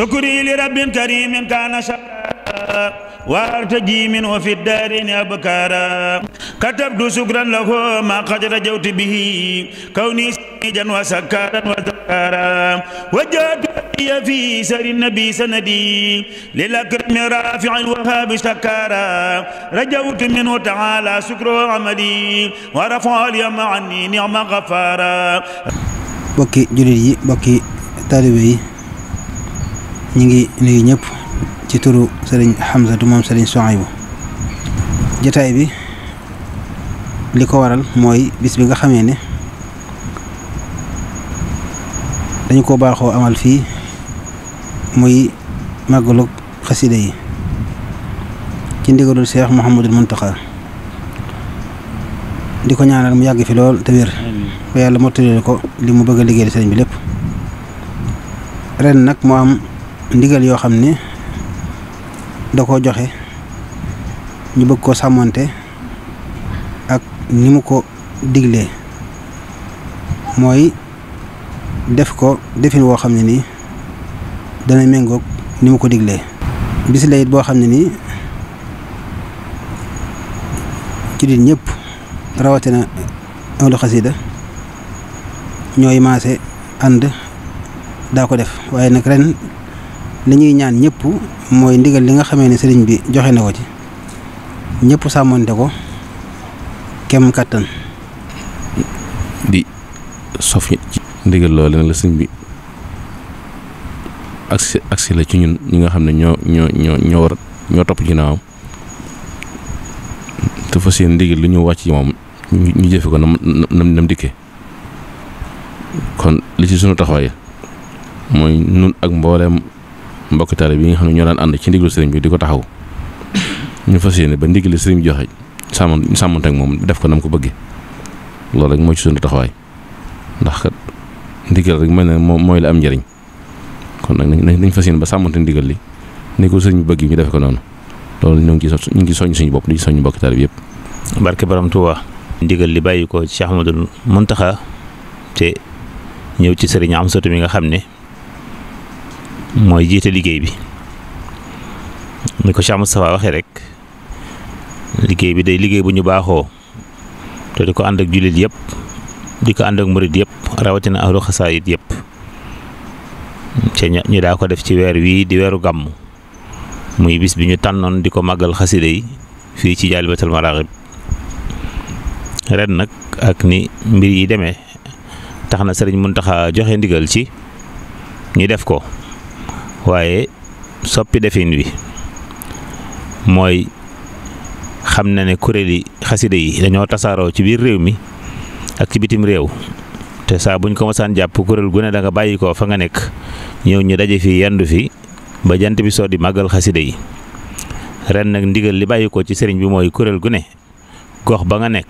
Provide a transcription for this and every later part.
sukuri li rabbin karimin kaana shakara wartaji min wa fi daarini abkara katabtu sukran lahu ma qad rajawtu bihi kawni sijan wa sakaran wa zakara wajjahtu wajhiya fi sari nabi sanadi lil akrami rafi'il wahhabi shakara rajawtu minhu ta'ala sukru amali wa rafa'a li ma'ani ni'ma ghafara mbokki jullit yi mbokki taalibe yi ñu ngi nuyu ñëpp ci turu sëriñ Hamzatu moom sëriñ Souhaïbou jotaay bi li ko waral mooy bis bi nga xamee ne dañu ko baaxoo amal fii muy màggalug xasida yi ci ndigalul Seex Muhammadul Muntaxa di ko ñaanal mu yàgg fi lool te wér ba yàlla mottalil ko li mu bëgg a liggéeyal sëriñ bi lépp ren nag mu am ndigal yoo xam ne da koo joxe ñu bëgg koo sàmmonte ak ni mu ko digle mooy def ko defin woo xam ne ni dana méngoog ni mu ko diglee bis la boo xam ne nii ci dit ñëpp rawatina ahlu xasida ñooy maase ànd daa ko def waaye nag ren li ñuy ñaan ñëpp mooy ndigal li nga xamee ne sëriñ bi joxe na ko ci ñëpp sàmmante ko kem kàttan di sof ci ndigal loolu bi agsi la ci ñun ñi nga xam ne ñoo ñoo ñoo ñoo war ñoo topp ginnaawam te fa seen ndigal lu ñu wàcc ci moom ñu jëfe ko nam nam dikkee kon li ci sunu taxawaay mooy nun ak mbooleem mbokki taalibe yi nga xam ne ñoo daan ànd ci ndigalu sëriñ bi di ko taxaw ñu fas yéene ba ndigal sëriñ joxe sàmm sàmmante ak moom def ko nam ko bëggee loolu rek moo ci sunu taxawaay ndax kat ndigal rek mel ne mooy la am njëriñ kon nag nañ fas yéene ba sàmmante ndigal li ni ko sëriñ bi bëgg ñu def ko noonu loolu ñu ngi ciy ñu ngi soññ suñu bopp di soññ mbokki taalibe yëpp. barke Borom Touba. ndigal li bàyyi ko ci Cheikh Ahmadul Muntaxa te ñëw ci sëriñ Amsatu mi nga xam ne mooy jiite liggéey bi ni ko Cheikh Moustapha waxee rek liggéey bi day liggéey bu ñu baaxoo te di ko ànd ak jullit yëpp di ko ànd ak murit yëpp rawatina ahlu xasaayit yëpp ci ñu daa ko def ci weer wii di weeru gàmm muy bis bi ñu tànnoon di ko màggal xasida yi fii ci Jaalibatul Maraaxib ren nag ak ni mbir yi deme tax na sëriñ Muntaxa joxe ndigal ci ñu def ko waaye soppi defin wi mooy xam na ne kuréeli xasida yi dañoo tasaaroo ci biir réew mi ak ci bitim réew te saa buñ ko mosaan jàpp kuréel gu ne da nga fa nga nekk ñëw ñu daje fi yendu fi ba jant bi soo di màggal xasida yi ren nag ndigal li bàyyi ci sëriñ bi mooy kuréel gune ne gox ba nga nekk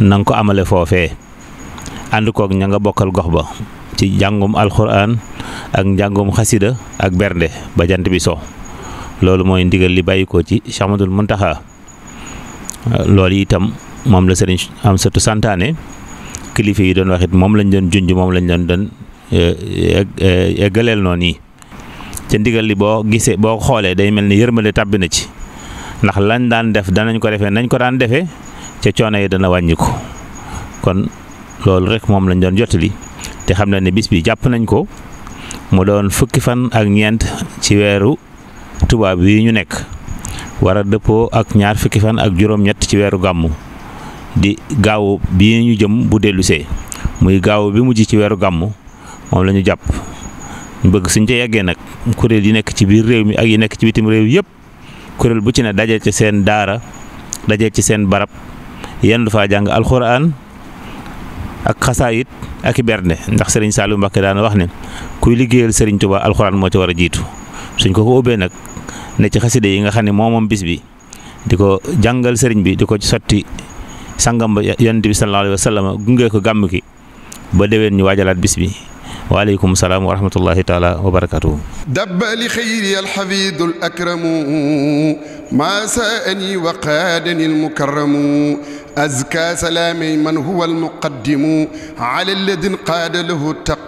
na ko amale foofee ànd koog ña nga bokkal gox ba ci jàngum alxuraan ak njàngoom xasida ak bernde ba jant bi so loolu mooy ndigal li bàyyikoo ci Cheikh Ahmadul taxa loolu itam moom la sëriñ am sëtu santaane kilifa yi doon waxit moom lañ doon junj moom lañ doon doon e, e, eggaleel noonu yi ca ndigal li boo gisee boo xoolee day mel ni yërmale tàbbi na ci ndax lañ daan def danañ ko defee nañ ko daan defee ca coono yi dana wàññiku kon loolu rek moom lañ doon jottali te xam na ne bis bi jàpp nañ ko mu doon fukki fan ak ñeent ci weeru tubaab yi ñu nekk wara dëppoo ak ñaar fukki fan ak juróom-ñett ci weeru gàmmu di gaawu bi ñu jëm bu dellusee muy gaaw bi mujj ci weeru gàmmu moom lañu jàpp ñu bëgg suñ ca yeggee nag kuréel yi nekk ci biir réew mi ak yi nekk ci witim réew yëpp kuréel bu ci ne dajee ci seen daara dajee ci seen barab yenn du jàng alxuraan ak xasaayit ak i bernde ndax Serigne Saliou Mbacké daana wax ne kuy liggéeyal Serigne Touba alxuraan moo ci war a jiitu suñ ko ko ubbee nag ne ci xaside yi nga xam ne moo moom bis bi di ko jàngal Serigne bi di ko sotti sangam ba yonent bi sallallahu alayhi wa gunge ko gàmm ki ba déwén ñu waajalaat bis bi. waaleykum salaam wa rahmatullahi taala wa barakatuhu dabba li xayri alxafidu l akramu maa saani wa qaadani almukarramu azka salaami man huwa almuqaddimu ala alladin qaada lahu taq